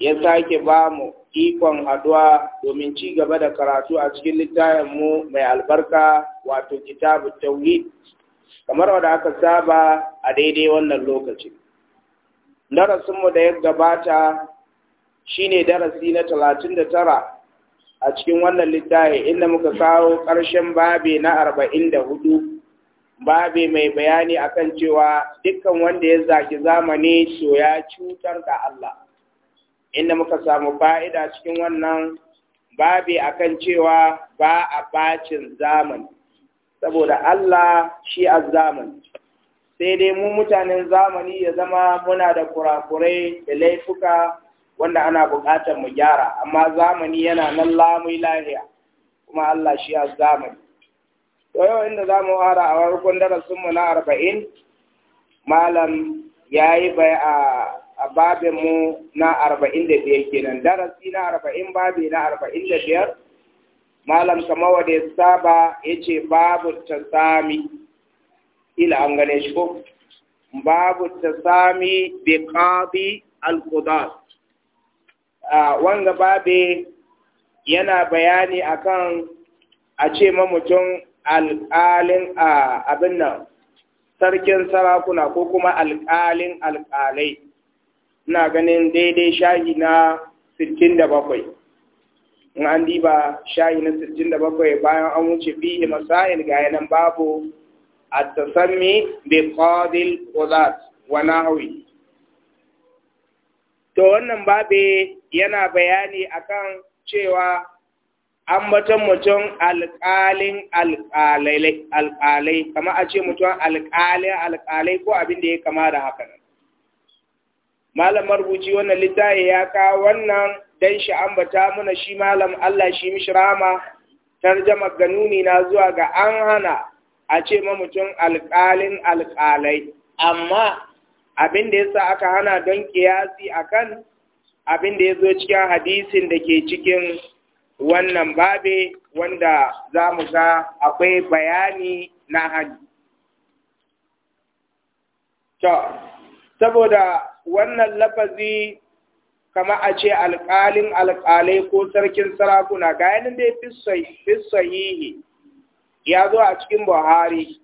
ya sake ba mu ikon haduwa domin ci gaba da karatu a cikin littafinmu mai albarka wato kitabu tauhid kamar wadda aka saba a daidai wannan lokaci darasinmu da ya gabata shi ne darasi na talatin da tara a cikin wannan littafi inda muka kawo ƙarshen babe na arba'in da hudu babe mai bayani akan cewa dukkan wanda ya zaki zamani to ya cutar da Allah inda muka samu fa'ida cikin wannan babi akan cewa ba a bacin zamani saboda Allah shi a sai dai mu mutanen zamani ya zama muna da kurakurai da laifuka wanda ana buƙatar mu gyara amma zamani yana nan lamun lahiya kuma Allah shi a zamani to yau inda za mu fara a darasin darasinmu na arba'in malam ya yi bai a a babin mu na arba'in da biyar kenan darasi na arba'in babi na arba'in da biyar malam kama wanda ya saba ya ce babu ta sami ila an gane shi ko babu ta sami bi qadi al wanga babe yana bayani akan a ce ma mutum a abin nan sarkin sarakuna ko kuma alƙalin alƙalai ina ganin daidai shayi na 67 in an diba shayi na 67 bayan an wuce fihi masail ga yanan babu a tasammi bi qadil kodat wa nahwi to wannan babe yana bayani akan cewa an batan mutum alƙalin alƙalai kama a ce mutum alƙalin alƙalai ko abin da ya kama da haka malam marubuci wannan littafi ya kawo wannan dan shi an bata muna shi malam Allah shi mishi rama tarjama ganuni na zuwa ga an hana a ce ma mutum alƙalin alƙalai amma abin da yasa aka hana don kiyasi akan abin da ya zo cikin hadisin da ke cikin wannan babe wanda za mu ga akwai bayani na hadisi. saboda wannan lafazi kama a ce alƙalin alƙalai ko sarkin sarakuna ga yanin da fi ya zo a cikin buhari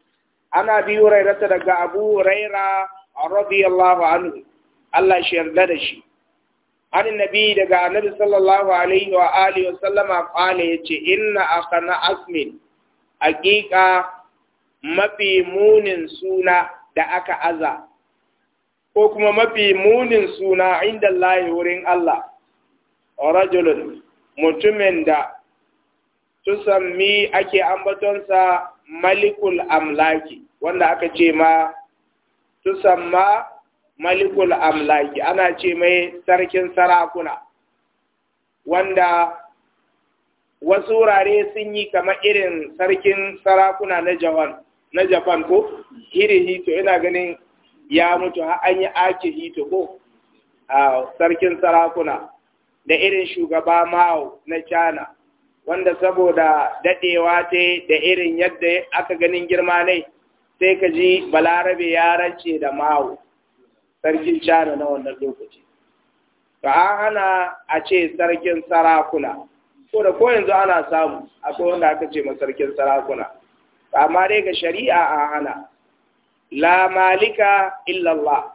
ana biyu hurairata daga abu huraira radiyallahu anhu Allah shi yarda da shi an nabi daga annabi sallallahu alaihi wa alihi wa sallama qala yace inna akhana asmin hakika mafi munin suna da aka aza ko kuma mafi munin suna inda layi wurin Allah rajulun mutumin da tusammi ake ambatonsa malikul amlaki wanda aka ce ma tusamma malikul amlaki ana ce mai sarkin sarakuna wanda wasu wurare sun yi kama irin sarkin sarakuna na japan ko hiri to ina ganin ya mutu ha an yi akihi to ko a sarkin sarakuna da irin shugaba Mao na China wanda saboda dadewa ce da irin yadda aka ganin girma ne sai ka ji balarabe ya rance da Mao sarkin China na wannan lokaci to an hana a ce sarkin sarakuna ko da ko yanzu ana samu akwai wanda aka ce ma sarkin sarakuna amma dai ga shari'a an hana la malika illallah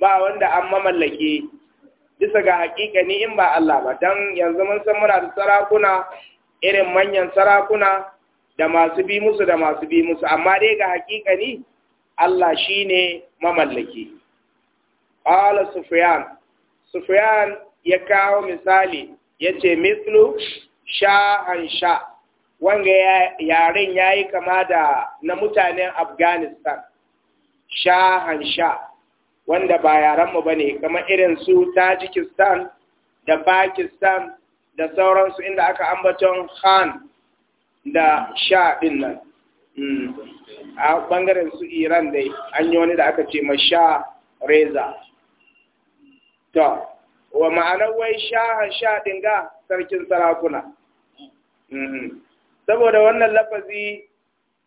ba wanda an mamallake bisa ga hakika ni in ba Allah ba dan yanzu mun san muna da sarakuna irin manyan sarakuna da masu bi musu da masu bi musu amma dai ga hakika ni Allah shine mamallaki qala sufyan sufyan ya kawo misali yace mislu sha an sha wanga yaren yayi kama da na mutanen afghanistan shahan sha wanda ba yaranmu ba ne kamar irin su tajikistan da pakistan da sauransu inda aka ambaton khan da sha din nan hmm. a bangaren su iran dai an yi wani da aka ce ma sha reza to wa ma'anar wai shahan sha din ga sarkin sarakuna hmm. saboda wannan lafazi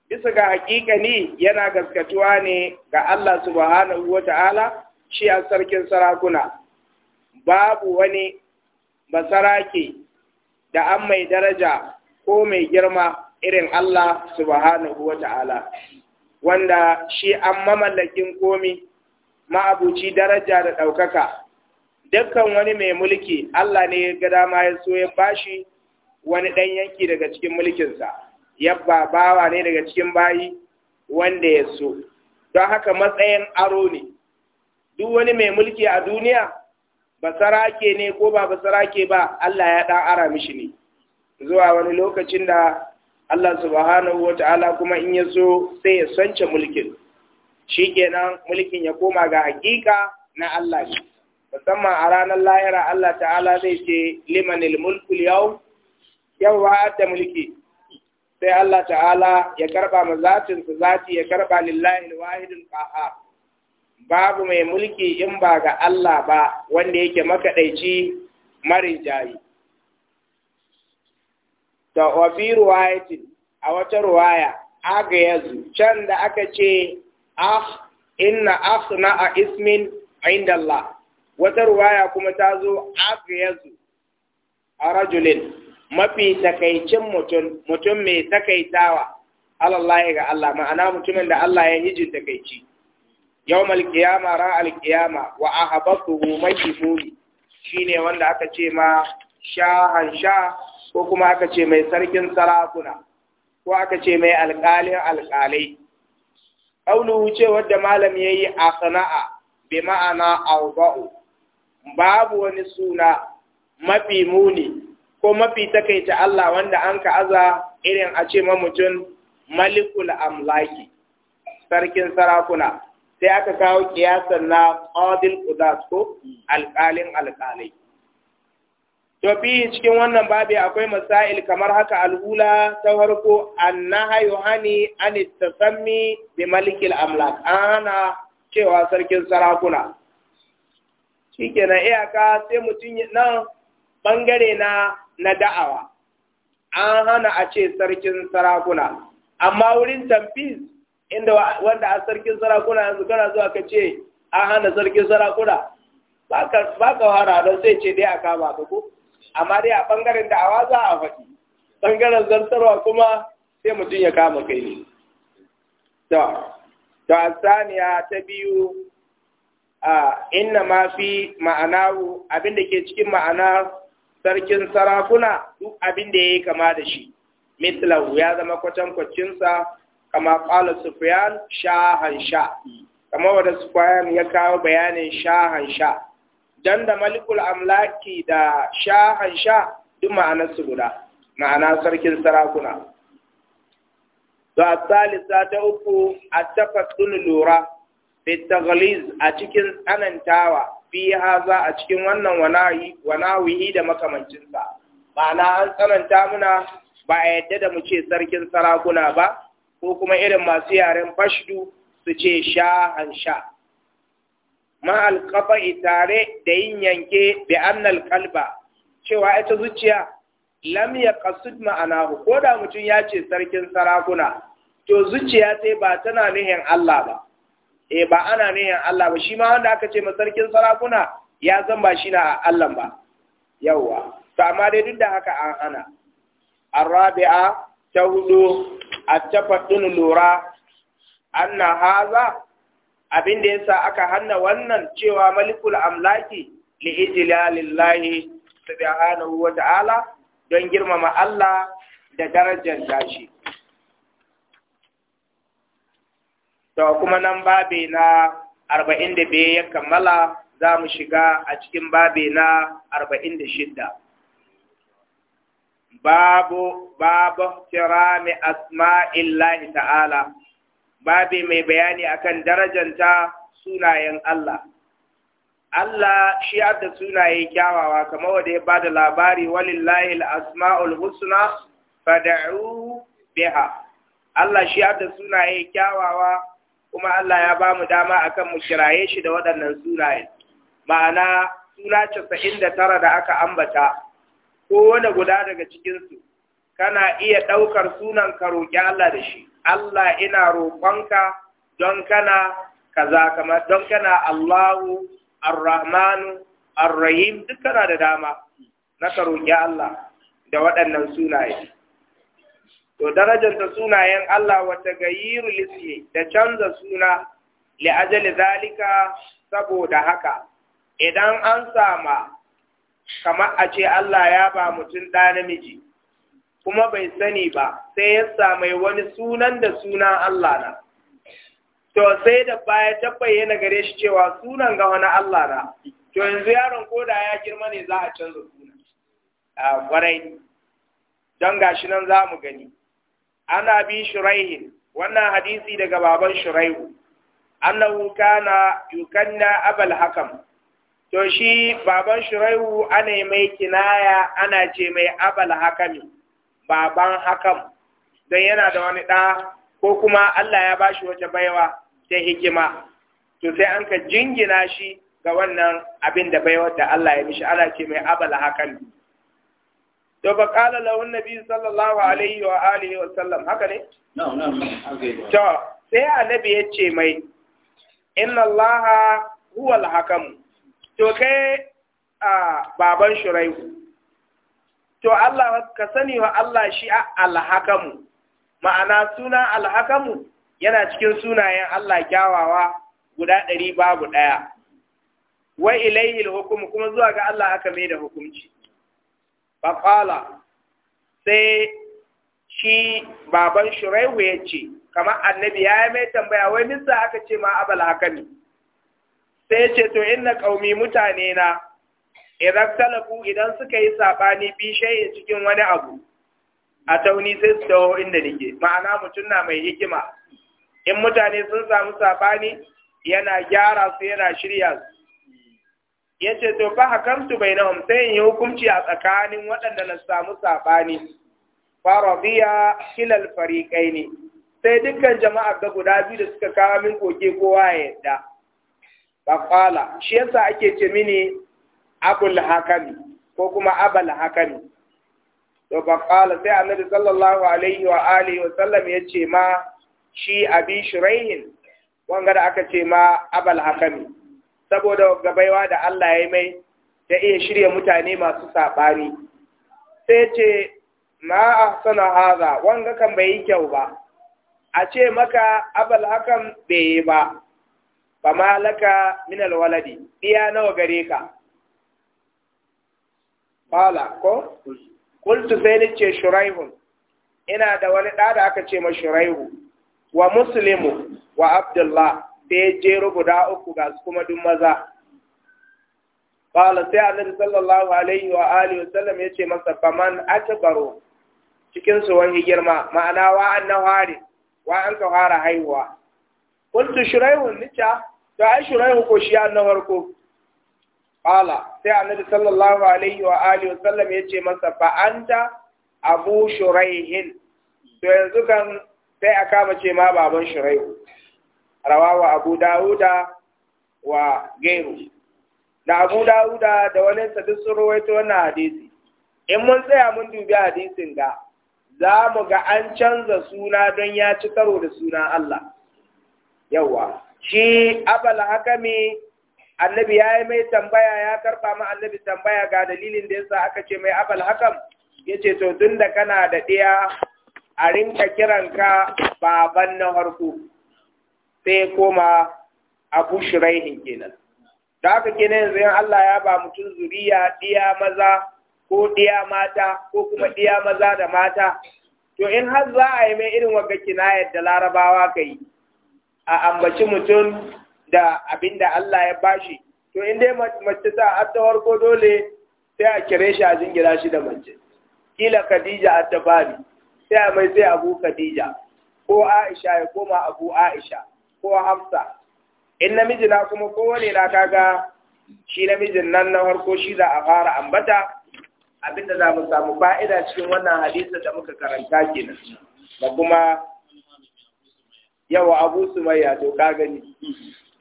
bisa ga hakikani yana gaskatuwa ne ga Allah subhanahu wa shi a sarkin sarakuna, babu wani basarake da an mai daraja ko mai girma irin Allah subhanahu wa wanda shi an mamallakin komi ma'abuci daraja da ɗaukaka, dukkan wani mai mulki Allah ne ya ga dama ya so ya bashi wani ɗan yanki daga cikin mulkinsa. yabba bawa ne daga cikin bayi wanda ya so don haka matsayin aro ne duk wani mai mulki a duniya Ba sarake ne ko ba sarake ba Allah ya dan ara mishi ne zuwa wani lokacin da Allah subhanahu wa ta'ala kuma in ya so sai ya sance mulkin shi kenan mulkin ya koma ga hakika na Allah ne musamman a ranar lahira Allah ta'ala zai ce limanil mulkul yau yau ba da mulki sai Allah ta'ala ya karba mazatin su zati ya karba lillahi alwahidul qaha babu mai mulki in ba ga Allah ba wanda yake makadaici jayi ta wa fi a wata ruwaya, aga yazu can da aka ce ah inna asna a ismin inda Allah wata ruwaya kuma ta zo aga yazu a rajulin mafi takaicin mutum mutum mai takaitawa alallahi ga Allah ma'ana mutumin da Allah ya hijin takaici yawmal qiyama ra al qiyama wa ahabathu majfuri shine wanda aka ce ma shahan sha ko kuma aka ce mai sarkin sarakuna ko aka ce mai alƙalin alƙalai aulu ce wadda malam ya yi a sana'a bi ma'ana auba'u babu wani suna mafi muni ko mafi takaita Allah wanda an ka aza irin a ce mutum malikul amlaki sarkin sarakuna sai aka kawo kiyasar na qadil qudas ko alƙalin alƙalai to bi cikin wannan babi akwai masail kamar haka Alhula, ta farko hayo hani an tasammi bi malikil amlak ana cewa sarkin sarakuna na iyaka sai mutum nan bangare na na da'awa an hana a ce sarkin sarakuna amma wurin tamfiz inda wanda a sarkin sarakuna yanzu kana zuwa ka ce an hana sarkin sarakuna ba ka hana don sai ce dai a kama ka ko amma dai a ɓangaren da'awa za a faɗi ɓangaren zartarwa kuma sai mutum ya kama kai ne ta saniya ta biyu a inna ma fi abin abinda ke cikin ma'ana sarkin sarakuna duk abin da yayi kama da shi mitlahu ya zama kwatankwacinsa sa kama qala sufyan shahan sha kama wanda sufyan ya kawo bayanin shahan sha dan da malikul amlaki da shahan sha duk ma'anar su guda ma'ana sarkin sarakuna to salisa ta uku a tafaddun lura fi a cikin tsanantawa fi haza a cikin wannan wanawihi da makamancinsa ma'ana an tsananta muna ba a yadda da mu sarkin sarakuna ba ko kuma irin masu yaren fashdu su ce sha an sha ma'al tare da yin yanke bi annal kalba cewa ita zuciya lam ya kasud ma'ana ko da mutum ya ce sarkin sarakuna to zuciya sai ba tana nihin Allah ba eh ba ana ne yan Allah ba shi ma wanda aka ce masarkin sarakuna ya zan ba shi na Allah ba yawa to amma dai duk da haka an ana arabi'a ta hudu a lura anna haza abin da yasa aka hanna wannan cewa malikul amlaki li ijlalillahi subhanahu wa ta'ala don girmama Allah da darajar gashi to kuma nan babe na arba'in da biyu ya kammala za mu shiga a cikin babe na arba'in da shidda babu babu kirami asma'illahi ta'ala babe mai bayani akan darajanta sunayen Allah Allah shi da sunaye kyawawa kamar wanda ya bada labari walillahi asma'ul husna fad'u biha Allah shi da sunaye kyawawa kuma Allah ya ba mu dama akan mu kiraye shi da waɗannan sunaye ma'ana suna casa'in da tara da aka ambata ko kowane guda daga cikinsu kana iya ɗaukar sunan ka roƙi Allah da shi Allah ina roƙonka don kana kaza kamar don kana Allahu Ar-Rahmanu Ar-Rahim duk kana da dama na ka roƙi Allah da waɗannan sunaye to darajanta sunayen Allah wata tagayiru lismi da canza suna li ajali zalika saboda haka idan an sama kamar a ce Allah ya ba mutum ɗa namiji kuma bai sani ba sai ya samai wani sunan da suna Allah na to sai da baya tabbaye na gare shi cewa sunan ga wani Allah na to yanzu yaron da ya girma ne za a canza sunan a kwarai don gashi nan za mu gani ana bi shuraihin wannan hadisi daga baban shuraihu annahu kana yukanna abal hakam to shi baban shuraihu ana mai kinaya ana ce mai abal hakan baban hakam don yana da wani ɗa ko kuma Allah ya bashi wata baiwa ta hikima to sai an ka jingina shi ga wannan abin da baiwar da Allah ya mishi ana ce mai abal hakan. to ba kala lawan nabi sallallahu alaihi wa alihi wa sallam haka ne to sai annabi ya ce mai inna allaha huwa al to kai a baban shuraihu to Allah ka sani wa Allah shi al-hakamu ma'ana suna al yana cikin sunayen Allah kyawawa guda ɗari babu ɗaya wa ilaihi hukum kuma zuwa ga Allah aka mai da hukunci faƙala sai shi baban shuraihu ya ce kamar annabi ya yi mai tambaya wai nisa aka ce ma abal ne. sai ce to inna ƙaumi mutane na idan talafu idan suka yi saɓani bishayi cikin wani abu a tauni sai su taho inda nake ma'ana mutum na mai hikima in mutane sun samu saɓani yana gyara su yana shirya su ya ce to fa hakamtu bainahum sai in yi hukunci a tsakanin waɗanda na samu saɓani farabiya filal hilal ne. sai dukkan jama'a ga guda biyu da suka kawo min koke kowa ya yadda fa shi yasa ake ce mini abul hakami ko kuma abal hakami to fa sai annabi sallallahu alaihi wa alihi wa sallam ya ce ma shi abi shuraihin wanga da aka ce ma abal hakami saboda gabaiwa da Allah ya mai da iya shirya mutane masu saɓani sai ce ma ahsana haza wanga kan bai yi kyau ba a ce maka abal hakan bai ba ba ma laka min waladi, iya nawa gare ka qala ko qultu sai ni ce shuraihun ina da wani ɗa da aka ce ma shuraihu wa muslimu wa abdullah sai ya jero guda uku ga su kuma duk maza Fala sai annabi sallallahu alaihi wa alihi wasallam yace masa faman akbaru cikin su wani girma ma'ana wa annahu hari wa an ka fara haihuwa kuntu shuraihu nica to ai shuraihu ko shi annahu harko Fala sai annabi sallallahu alaihi wa alihi wasallam yace masa fa anta abu shuraihin to yanzu kan sai aka mace ma baban shuraihu rawawa abu da'uda wa gairu da abu da'uda da wani duk sun rawaito wannan hadisi in mun tsaya mun dubi hadisin ga za mu ga an canza suna don ya ci karo da suna Allah yawa shi abal hakami annabi ya yi mai tambaya ya karba ma annabi tambaya ga dalilin da yasa aka ce mai abal hakam ya ce to tunda kana da ɗaya a rinka kiranka baban na farko. sai ya koma abu shiraihin kenan da haka kenan yanzu yin Allah ya ba mutum zuriya ɗiya maza ko ɗiya mata ko kuma ɗiya maza da mata to in har za a yi mai irin wagga kinayar da larabawa ka yi a ambaci mutum da abin da Allah ya bashi to in dai mace ta attawar ko dole sai a kire shi a jingira shi da mace kila Khadija at-Tabari sai a mai sai Abu Khadija ko Aisha ya koma Abu Aisha ko hafsa in namiji na kuma kowane na kaga shi namijin nan na harko shi za a fara ambata abinda za mu samu fa'ida cikin wannan hadisa da muka karanta nan da kuma yawa abu sumayya to ka gani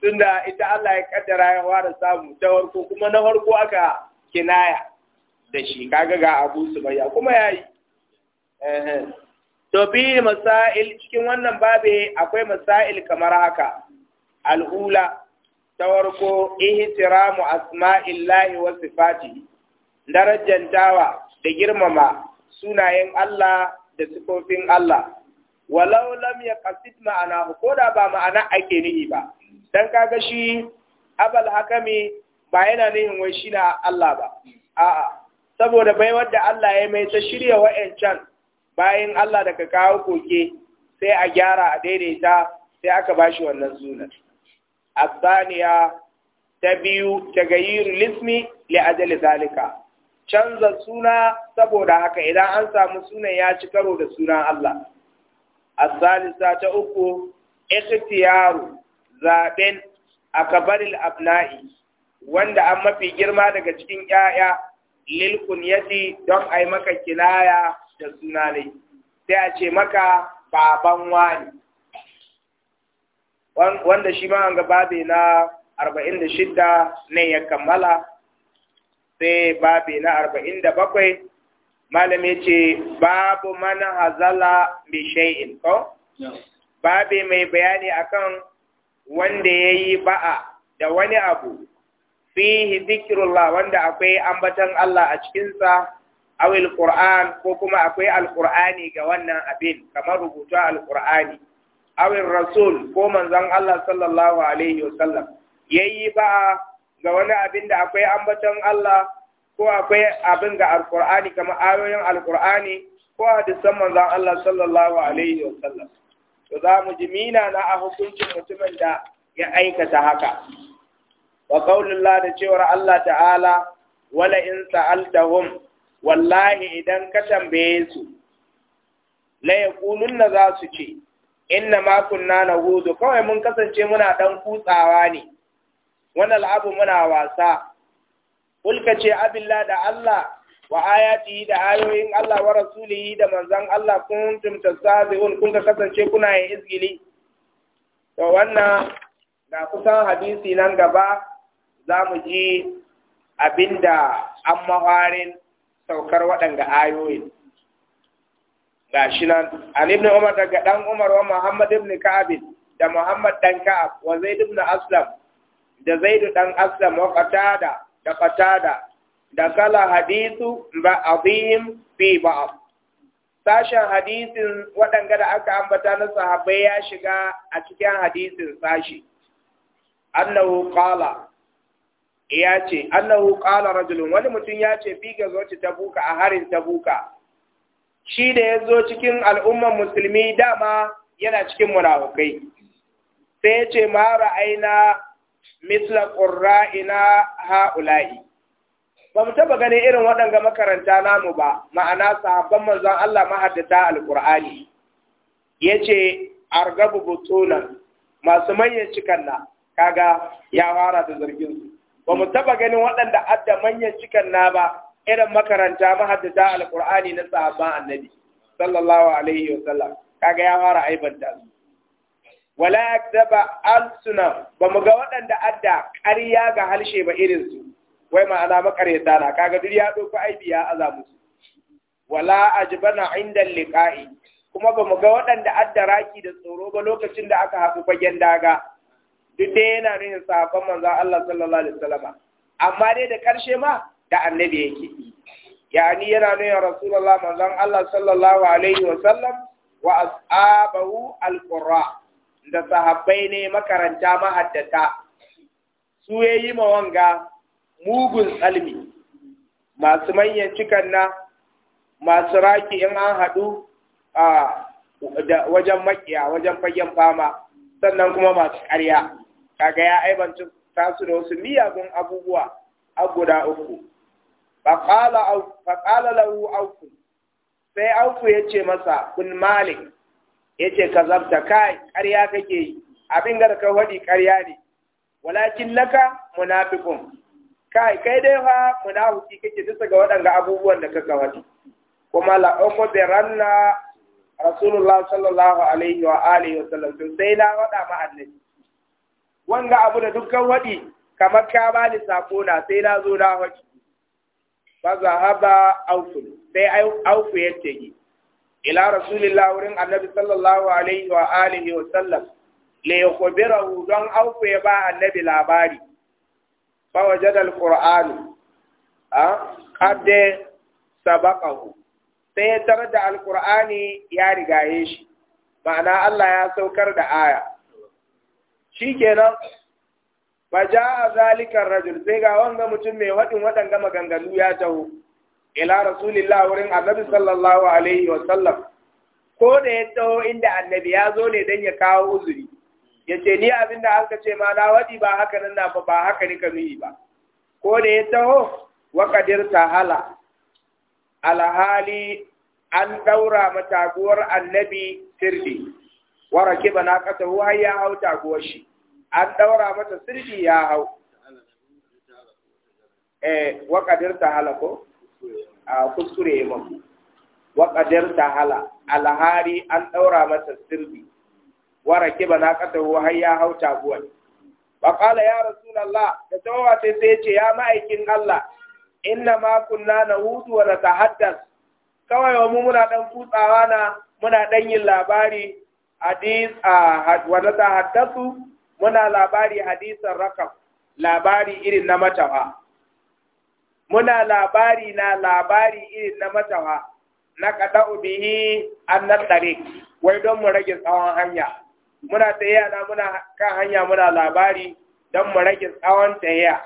tunda ita Allah ya kaddara ya fara samu ta harko kuma na harko aka kinaya da shi kaga ga abu ya kuma ya yi. to bi masail cikin wannan babe akwai masail kamar haka al'ula ta warko ihtiramu asma'illahi wa sifati darajantawa da girmama sunayen Allah da sifofin Allah walau lam yaqsid ma'ana ko da ba ma'ana ake nihi ba dan kaga shi abal hakami ba yana nihin wai shi na Allah ba a'a saboda baiwar da Allah ya mai ta shirya wa'ancan bayan Allah daga kawo koke sai a gyara a daidaita sai aka bashi wannan sunan azaniya ta biyu ta rilismi li ajali zalika canza suna saboda haka idan an samu sunan ya ci karo da sunan Allah azalisa ta uku ikhtiyaru zaben akabaril abna'i wanda an mafi girma daga cikin 'ya'ya lilkun kunyati don a yi maka kinaya da suna ne sai a ce maka baban wani wanda shi ma an gaba na arba'in da shida ne ya kammala sai babi na arba'in da bakwai malam ce babu mana hazala mai shay'in ko Babe mai bayani akan wanda ya yi ba'a da wani abu fi zikrullah wanda akwai ambatan Allah a cikinsa awil qur'an ko kuma akwai alqur'ani ga wannan abin kamar rubutu alqur'ani awil rasul ko manzon Allah sallallahu alaihi wasallam yayi ba ga wani abin da akwai ambaton Allah ko akwai abin ga alqur'ani kamar ayoyin alqur'ani ko hadisan manzon Allah sallallahu alaihi sallam. to za mu ji mina na a hukuncin mutumin da ya aikata haka wa qaulullah da cewar Allah ta'ala wala in sa'altahum wallahi idan ka tambaye su la yaqulunna za su ce inna ma na nahudu kawai mun kasance muna ɗan kutsawa ne wannan al'abu muna wasa kulka ce abilla da Allah wa ayati da ayoyin Allah wa rasulihi da manzan Allah kuntum tasabiun kun ka kasance kuna yin izgili to wannan na kusan hadisi nan gaba za mu ji abinda an mawarin saukar waɗanda ayoyin shi nan an ibn umar daga dan umar wa muhammad ibn ka'ab da muhammad dan ka'ab wa zaid ibn aslam da zaid dan aslam wa qatada da qatada da kala hadithu ba azim fi ba'd sashen hadisin waɗanda da aka ambata na sahabbai ya shiga a cikin hadisin sashi annahu qala ya ce annahu qala rajulun wani mutum ya ce fi ga zoci ta buka a harin ta buka shi da ya zo cikin al'umman musulmi dama yana cikin munafukai sai ya ce ma ra'aina misla qurra'ina ha'ula'i ba mu taba ganin irin waɗanga makaranta namu ba ma'ana sahabban manzon Allah mahaddata alqur'ani yace argabu butunan masu manyan cikanna kaga ya fara da zargin su ba mu taba ganin waɗanda adda manyan cikan na ba irin makaranta mahaddata Alƙur'ani na sahabban annabi sallallahu alaihi wa sallam kaga ya fara aibanta su wala yakzaba alsuna ba mu ga waɗanda adda ƙarya ga halshe ba irin su wai ma ana makaryata na kaga duk ya doko aibi ya aza musu wala ajbana inda liqa'i kuma ba mu ga waɗanda adda raki da tsoro ba lokacin da aka haɗu fagen daga duk dai yana nuna sahabban manzo Allah sallallahu alaihi wasallam amma dai da karshe ma da annabi yake yani yana nuna rasulullah manzon Allah sallallahu alaihi wasallam wa ashabahu alqurra da sahabbai ne makaranta mahaddata su yayi ma wanga mugun tsalmi masu manyan cikan na masu raki in an hadu a wajen makiya wajen fagen fama sannan kuma masu ƙarya kaga ya aibancin tasu da wasu miyagun abubuwa a guda uku faƙala lahu auku sai auku ya ce masa kun malik ya ce ka zabta kai ƙarya kake yi abin da ka waɗi ƙarya ne walakin laka munafikun kai kai dai fa munafiki kake bisa ga waɗanda abubuwan da kaka wani. kuma la'umu bi ranna rasulullah sallallahu alaihi wa alihi wa sallam sai na waɗa ma wanga abu da dukkan waɗi kamar ka ba ni sako na sai na zo na haƙi ha ba auku, sai auku ya tege ila rasulillah wurin annabi sallallahu alaihi wa alihi wa sallam le kubira don auku ya ba annabi labari fa wajada alquran a qadde sabaqahu sai ya tarda da alqur'ani ya rigaye shi ma'ana Allah ya saukar da aya Shi Ba fa jaa zalika rajul sai ga wanda mutum mai wadin wadan gama gangalu ya taho ila rasulillah wurin annabi sallallahu alaihi wa sallam ko da ya taho inda annabi ya zo ne dan ya kawo uzuri yace ni abinda aka ce ma na wadi ba haka nan na ba haka ni kanu ba ko da ya taho wa qadir tahala alhali an daura mataguwar annabi sirri Waraki bana na hu ruwa ya hau taguwar shi an daura mata sirji ya hau eh wa qadir ta ko a ah, kuskure mu wa qadir ta hala alhari an daura mata sirji Waraki bana na hu ruwa ya hau taguwar Baƙala ya Rasulallah, da tawawa sai sai ce ya ma'aikin Allah, inna ma kunna na hutu wa na kawai wa mu muna ɗan kutsawa na muna ɗan yin labari hadis ta haddasu muna labari hadisan rakam labari irin na matawa muna labari na labari irin na matawa na kada ubihi an na wai don mu rage tsawon hanya muna tsayiya na muna kan hanya muna labari don mu rage tsawon tsayiya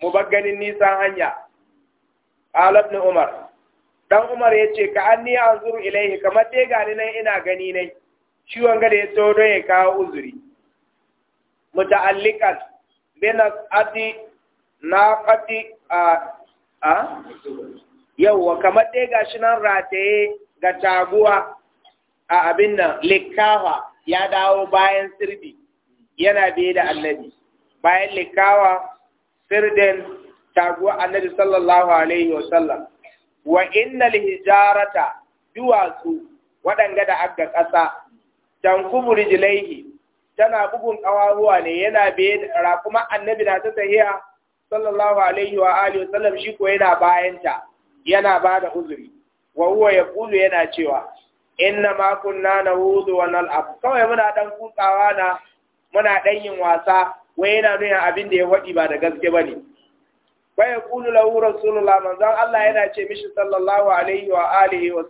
mu bar ganin nisan hanya Alab ibn Umar dan Umar yace ka anni anzuru ilaihi kamar dai gani nan ina gani nai Ciwon gada ya so don ya kawo uzuri muta'alliqat bin ati naqati a a yauwa. kamar dai shi nan rataye ga taguwa a abin nan likawa ya dawo bayan sirdi yana biye da annabi bayan likawa sirdin taguwa annabi sallallahu alaihi wa sallam wa inna lihijarata duwatsu waɗanga da aka ƙasa tankubu rijilaihi tana bugun ƙawaruwa ne yana be Kuma annabi na ta tahiya sallallahu alaihi wa alihi wasallam shi ko yana bayanta yana ba da uzuri wa huwa yaqulu yana cewa inna ma kunna nawudu wa nal'ab kawai muna dan kutsawa na muna dan yin wasa wai yana nuna abin da ya faɗi ba da gaske bane wa yaqulu lahu rasulullah manzon Allah yana ce mishi sallallahu alaihi wa alihi wa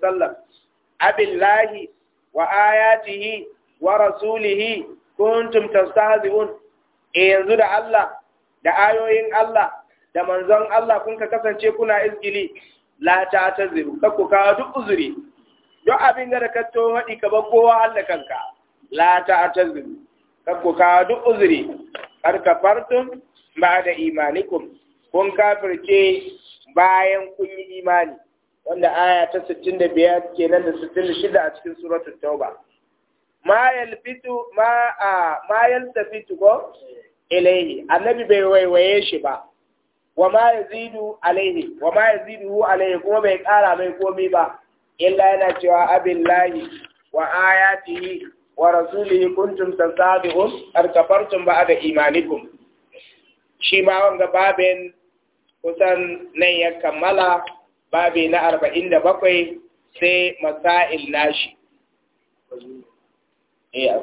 abillahi wa ayatihi wa rasulihi kuntum tastahzi'un e yanzu da Allah da ayoyin Allah da manzon Allah kun ka kasance kuna izgili la ta taziru ku ka duk uzuri duk abin da ka to hadi ka ba kowa Allah kanka la ta taziru ku ka duk uzuri kar kafartum ba da imanikum kun kafirce bayan kun yi imani wanda aya ta 65 kenan da 66 a cikin suratul tauba ma yalfitu ma a ma yaltafitu ko ilayhi annabi bai waiwaye shi ba wa ma yazidu alayhi wa ma yaziduhu alayhi kuma bai kara mai komai ba illa yana cewa abillahi wa ayatihi wa rasulihi kuntum tasabiqun arkafartum ba'da imanikum shi ma wanga babin kusan nan ya kammala babi na arba'in da bakwai sai masail nashi eh,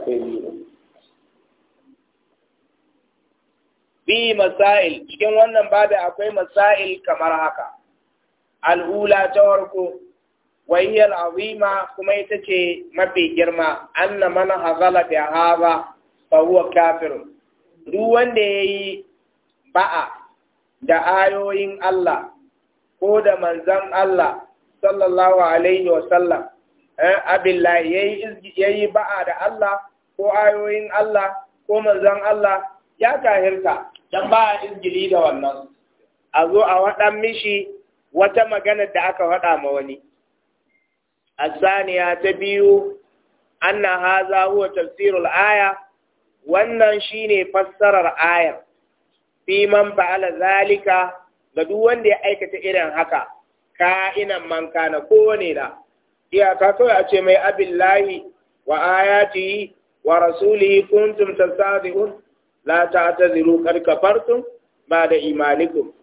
bi masail cikin wannan babi akwai masail kamar haka al'ula ta warko wayyar azima kuma ita ce mafi girma anna mana hazala da haza fa huwa kafirun duk wanda yayi ba'a da ayoyin Allah ko da manzan Allah sallallahu alaihi wa sallam eh abillahi yayi ba'a da Allah ko ayoyin Allah ko manzan Allah ya kahirta dan ba izgili da wannan a zo a wada mishi wata magana da aka waɗa ma wani ta biyu anna haza, huwa, tafsirul aya. wannan shine fassarar ayar fi man ba'ala zalika ga duk wanda ya aikata irin haka ina manka na kowane da iyaka kawai a ce mai abillahi wa ayati wa rasuli kuntum tastahzi'un la ta'taziru qad kafartum ba'da imanikum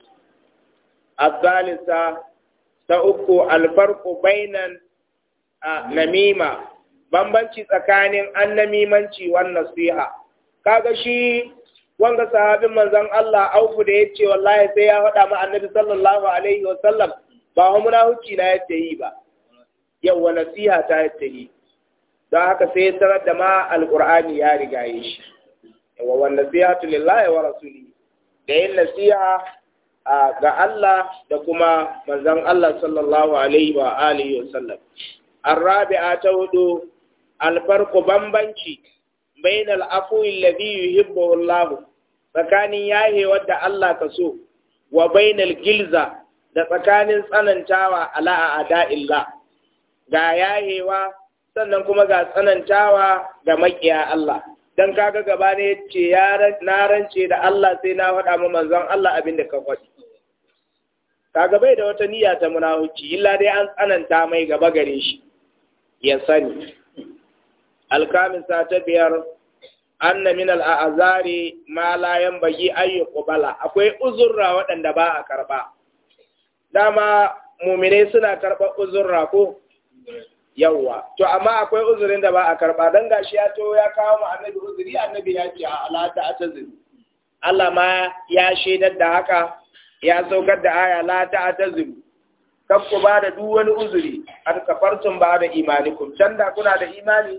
ta uku الفرق بين namima bambanci tsakanin annamimanci wan nasiha kaga shi wanga sahabin manzon Allah aufu da yace wallahi sai ya faɗa ma annabi sallallahu alaihi wa sallam ba wa munahuci na yace yi ba yawa nasiha ta yace yi don haka sai ya tarar da ma alqur'ani ya riga yi shi yawa wan nasihatu lillahi wa rasulihi da yin nasiha ga Allah da kuma manzon Allah sallallahu alaihi wa alihi wa sallam ta تهدو الفرق bambanci بين العفو الذي يحبه الله tsakanin yahe da Allah ka so wa bainal gilza da tsakanin tsanantawa ala a illa ga yahewa sannan kuma ga tsanantawa ga makiya Allah don kaga gaba ne ce na rance da Allah sai na faɗa ma manzon Allah abin da ka faɗi kaga bai da wata niyya ta munahuci illa dai an tsananta mai gaba gare shi ya sani alkamisa ta biyar anna min al'azari ma la yanbaghi an qubala akwai uzurra waɗanda ba a karba dama mu'mine suna karba uzurra ko yawa to amma akwai uzurin da ba a karba dan gashi ya to ya kawo mu annabi uzuri annabi ya ce ala ta atazuru Allah ma ya shaidar da haka ya saukar da aya la ta atazuru kan ku ba da duk wani uzuri an kafartum ba da imanikum kuna da imani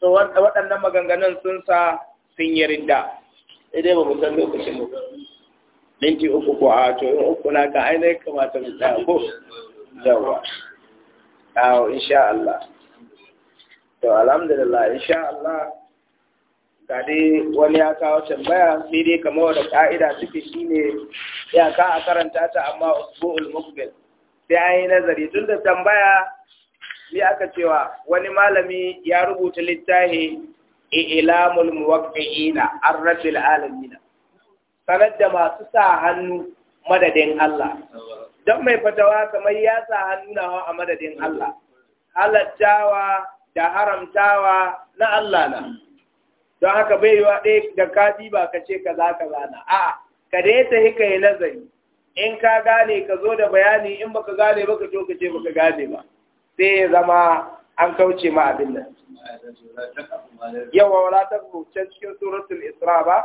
so waɗannan maganganun sun sa sun yi ridda idai ba mu lokacin mu minti uku ko a ah, to in uku na ka ainihin kamata mu tsaya ko yawa awo insha Allah to alhamdulillah insha Allah ga dai wani ya kawo tambaya sai dai kamar wanda ka'ida suke ne ya ka a karanta ta amma usbu'ul muqbil sai an yi nazari tun da tambaya sai aka cewa wani malami ya rubuta littafi ilamul muwaqqi'ina arrafil alamin sanar da masu sa hannu madadin Allah don mai fatawa kamar ya sa hannu nawa a madadin Allah halattawa da haramtawa na Allah na don haka bai yiwa ɗaya da kaji ba ka ce kaza ka zana a ka dai ta hika yi nazari in ka gane ka zo da bayani in baka gane ba ka to ka baka gane ba sai ya zama an kauce ma abin nan yawa wala taqfu can cikin suratul isra ba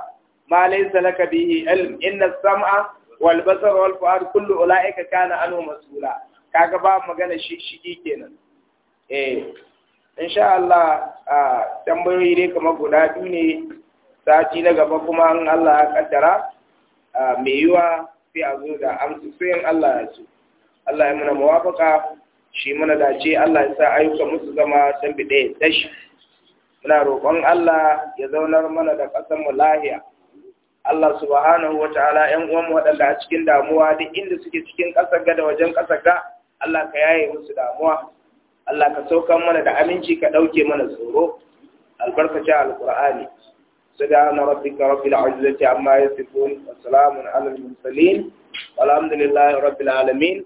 ma laysa laka bihi ilm inna sam'a wal basara wal fu'ad kullu ulaika kana anhu mas'ula kaga ba magana shi shigi kenan eh insha Allah tambayoyi dai kamar guda biyu ne sati na gaba kuma an Allah ya kaddara mai yiwa sai a zo da amsu sai Allah ya ce. Allah ya muna muwafaka shi mana dace Allah ya sa ayyukan musu zama san bi ɗaya tashi muna roƙon Allah ya zaunar mana da ƙasar mu lahiya Allah subhanahu wa ta'ala ƴan uwan mu waɗanda a cikin damuwa duk inda suke cikin ƙasar ga da wajen ƙasar ga Allah ka yaye musu damuwa Allah ka sauka mana da aminci ka ɗauke mana tsoro albarkacin alƙur'ani سبحان ربك رب العزة عما يصفون وسلام على المرسلين والحمد لله رب العالمين